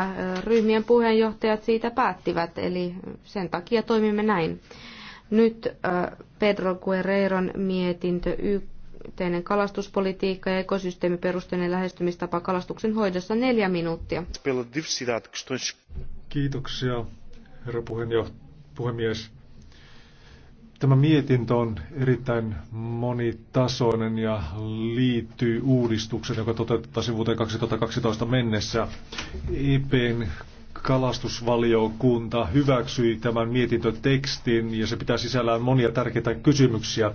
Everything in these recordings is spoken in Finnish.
Äh, ryhmien puheenjohtajat siitä päättivät, eli sen takia toimimme näin. Nyt äh, Pedro Guerreiron mietintö yhteinen kalastuspolitiikka ja ekosysteemiperusteinen lähestymistapa kalastuksen hoidossa neljä minuuttia. Kiitoksia, herra puhemies. Tämä mietintö on erittäin monitasoinen ja liittyy uudistukseen, joka toteutettaisiin vuoteen 2012 mennessä. IPn e kalastusvaliokunta hyväksyi tämän mietintötekstin ja se pitää sisällään monia tärkeitä kysymyksiä.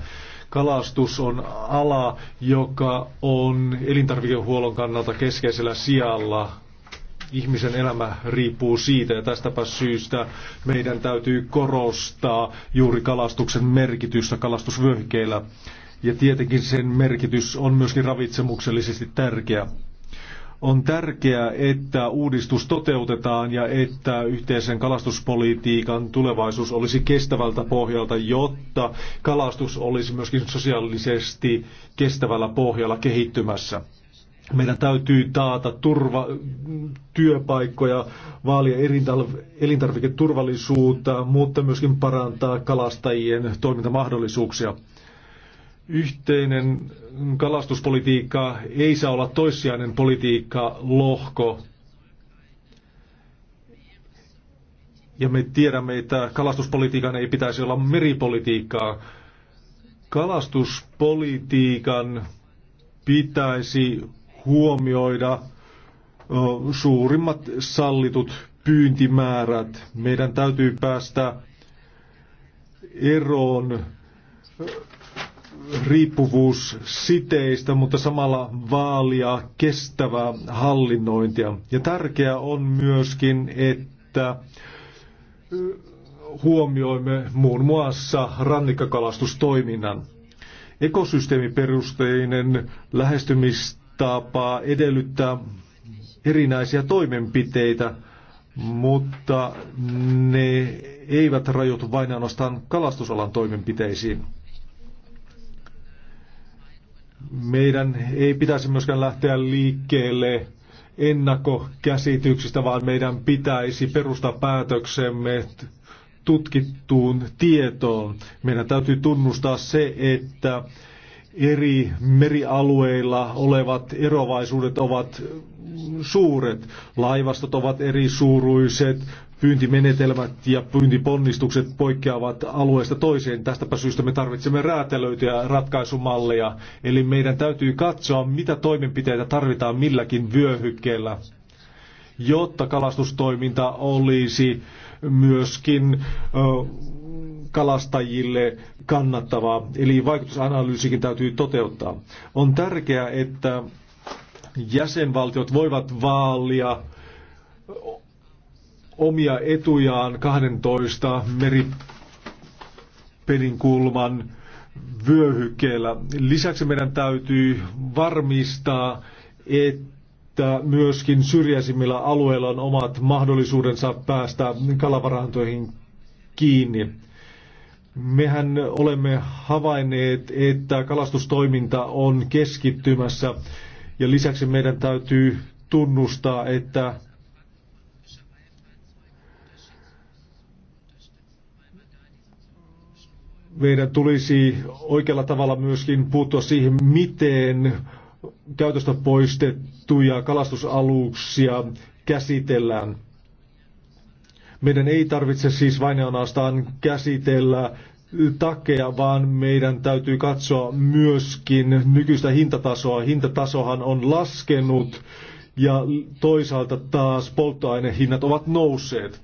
Kalastus on ala, joka on elintarvikehuollon kannalta keskeisellä sijalla ihmisen elämä riippuu siitä ja tästäpä syystä meidän täytyy korostaa juuri kalastuksen merkitystä kalastusvyöhykkeillä. Ja tietenkin sen merkitys on myöskin ravitsemuksellisesti tärkeä. On tärkeää, että uudistus toteutetaan ja että yhteisen kalastuspolitiikan tulevaisuus olisi kestävältä pohjalta, jotta kalastus olisi myöskin sosiaalisesti kestävällä pohjalla kehittymässä. Meidän täytyy taata turva, työpaikkoja, vaalia elintarviketurvallisuutta, mutta myöskin parantaa kalastajien toimintamahdollisuuksia. Yhteinen kalastuspolitiikka ei saa olla toissijainen politiikka lohko. Ja me tiedämme, että kalastuspolitiikan ei pitäisi olla meripolitiikkaa. Kalastuspolitiikan pitäisi huomioida suurimmat sallitut pyyntimäärät. Meidän täytyy päästä eroon riippuvuussiteistä, mutta samalla vaalia kestävää hallinnointia. Ja tärkeää on myöskin, että huomioimme muun muassa rannikkakalastustoiminnan. Ekosysteemiperusteinen lähestymistä tapaa edellyttää erinäisiä toimenpiteitä, mutta ne eivät rajoitu vain ainoastaan kalastusalan toimenpiteisiin. Meidän ei pitäisi myöskään lähteä liikkeelle ennakkokäsityksistä, vaan meidän pitäisi perustaa päätöksemme tutkittuun tietoon. Meidän täytyy tunnustaa se, että eri merialueilla olevat erovaisuudet ovat suuret. Laivastot ovat eri suuruiset, pyyntimenetelmät ja pyyntiponnistukset poikkeavat alueesta toiseen. Tästäpä syystä me tarvitsemme ja ratkaisumalleja, eli meidän täytyy katsoa, mitä toimenpiteitä tarvitaan milläkin vyöhykkeellä, jotta kalastustoiminta olisi myöskin ö, kalastajille kannattavaa, eli vaikutusanalyysikin täytyy toteuttaa. On tärkeää, että jäsenvaltiot voivat vaalia omia etujaan 12 meripeninkulman vyöhykkeellä. Lisäksi meidän täytyy varmistaa, että myöskin syrjäisimmillä alueilla on omat mahdollisuudensa päästä kalavarantoihin kiinni. Mehän olemme havainneet, että kalastustoiminta on keskittymässä ja lisäksi meidän täytyy tunnustaa, että meidän tulisi oikealla tavalla myöskin puuttua siihen, miten käytöstä poistettuja kalastusaluksia käsitellään. Meidän ei tarvitse siis vain ainoastaan käsitellä takeja, vaan meidän täytyy katsoa myöskin nykyistä hintatasoa. Hintatasohan on laskenut ja toisaalta taas polttoainehinnat ovat nousseet.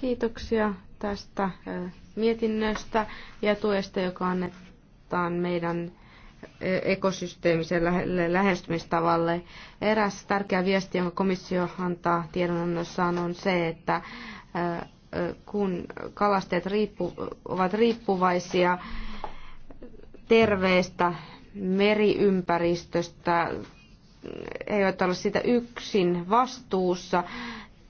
Kiitoksia tästä äh, mietinnöstä ja tuesta, joka annetaan meidän ekosysteemisen lähestymistavalle. Eräs tärkeä viesti, jonka komissio antaa tiedonannossaan, on se, että kun kalastajat riippu, ovat riippuvaisia terveestä meriympäristöstä, he eivät ole sitä yksin vastuussa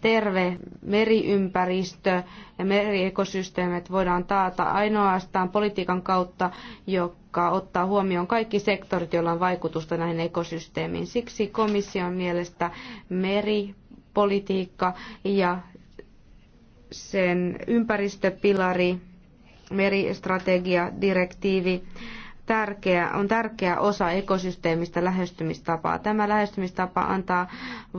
terve meriympäristö ja meriekosysteemit voidaan taata ainoastaan politiikan kautta, joka ottaa huomioon kaikki sektorit, joilla on vaikutusta näihin ekosysteemiin. Siksi komission mielestä meripolitiikka ja sen ympäristöpilari, meristrategia, direktiivi, tärkeä, on tärkeä osa ekosysteemistä lähestymistapaa. Tämä lähestymistapa antaa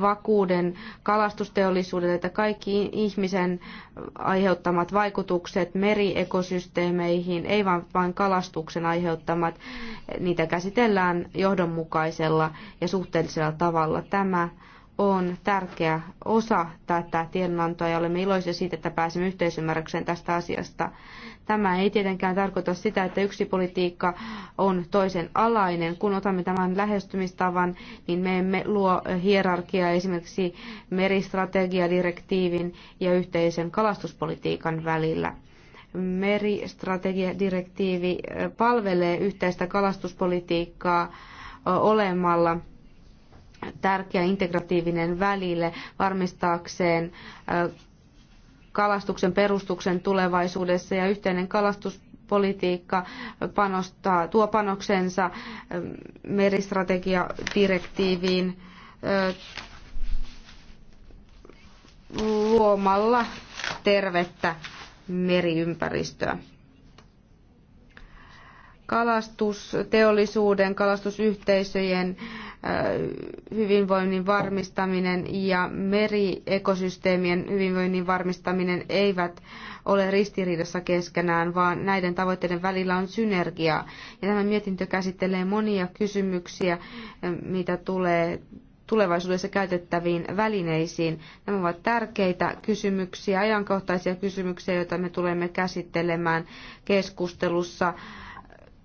vakuuden kalastusteollisuudelle, että kaikki ihmisen aiheuttamat vaikutukset meriekosysteemeihin, ei vain, vain kalastuksen aiheuttamat, niitä käsitellään johdonmukaisella ja suhteellisella tavalla. Tämä on tärkeä osa tätä tiedonantoa ja olemme iloisia siitä, että pääsemme yhteisymmärrykseen tästä asiasta. Tämä ei tietenkään tarkoita sitä, että yksi politiikka on toisen alainen. Kun otamme tämän lähestymistavan, niin me emme luo hierarkiaa esimerkiksi meristrategiadirektiivin ja yhteisen kalastuspolitiikan välillä meristrategiadirektiivi palvelee yhteistä kalastuspolitiikkaa olemalla tärkeä integratiivinen välille varmistaakseen kalastuksen perustuksen tulevaisuudessa ja yhteinen kalastuspolitiikka panostaa tuo panoksensa meristrategiadirektiiviin luomalla tervettä meriympäristöä kalastusteollisuuden, kalastusyhteisöjen hyvinvoinnin varmistaminen ja meriekosysteemien hyvinvoinnin varmistaminen eivät ole ristiriidassa keskenään, vaan näiden tavoitteiden välillä on synergiaa. Ja tämä mietintö käsittelee monia kysymyksiä, mitä tulee tulevaisuudessa käytettäviin välineisiin. Nämä ovat tärkeitä kysymyksiä, ajankohtaisia kysymyksiä, joita me tulemme käsittelemään keskustelussa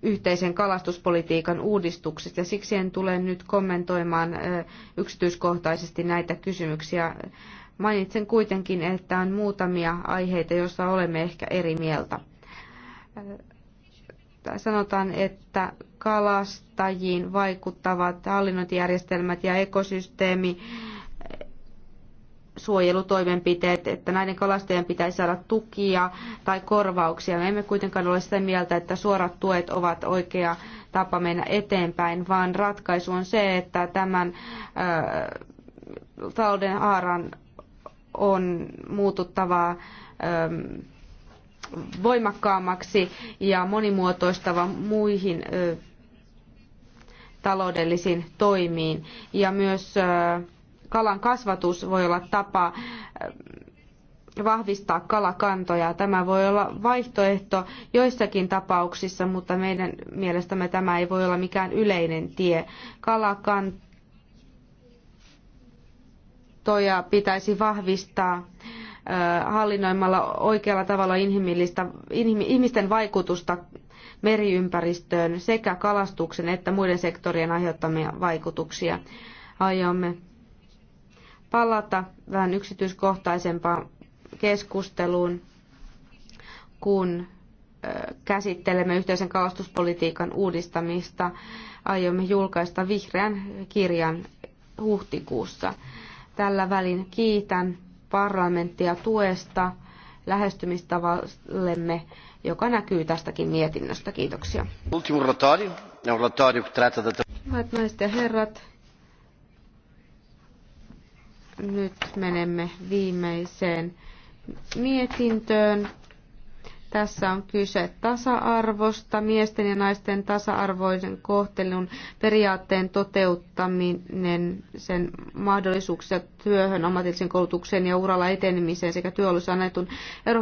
yhteisen kalastuspolitiikan uudistuksesta ja siksi en tule nyt kommentoimaan yksityiskohtaisesti näitä kysymyksiä. Mainitsen kuitenkin, että on muutamia aiheita, joissa olemme ehkä eri mieltä. Sanotaan, että kalastajiin vaikuttavat hallinnointijärjestelmät ja ekosysteemi suojelutoimenpiteet, että näiden kalastajien pitäisi saada tukia tai korvauksia. Me emme kuitenkaan ole sitä mieltä, että suorat tuet ovat oikea tapa mennä eteenpäin, vaan ratkaisu on se, että tämän ö, äh, talouden haaran on muututtava ö, ähm, voimakkaammaksi ja monimuotoistava muihin ö, äh, taloudellisiin toimiin. Ja myös ö, äh, kalan kasvatus voi olla tapa eh, vahvistaa kalakantoja. Tämä voi olla vaihtoehto joissakin tapauksissa, mutta meidän mielestämme tämä ei voi olla mikään yleinen tie. Kalakantoja pitäisi vahvistaa eh, hallinnoimalla oikealla tavalla inhimillistä, ihmisten vaikutusta meriympäristöön sekä kalastuksen että muiden sektorien aiheuttamia vaikutuksia. Aiomme palata vähän yksityiskohtaisempaan keskusteluun, kun käsittelemme yhteisen kalastuspolitiikan uudistamista. Aiomme julkaista vihreän kirjan huhtikuussa. Tällä välin kiitän parlamenttia tuesta lähestymistavallemme, joka näkyy tästäkin mietinnöstä. Kiitoksia. Hyvät naiset ja herrat, nyt menemme viimeiseen mietintöön. Tässä on kyse tasa-arvosta, miesten ja naisten tasa-arvoisen kohtelun periaatteen toteuttaminen, sen mahdollisuuksia työhön, ammatillisen koulutuksen ja uralla etenemiseen sekä työolossa annetun Euroopan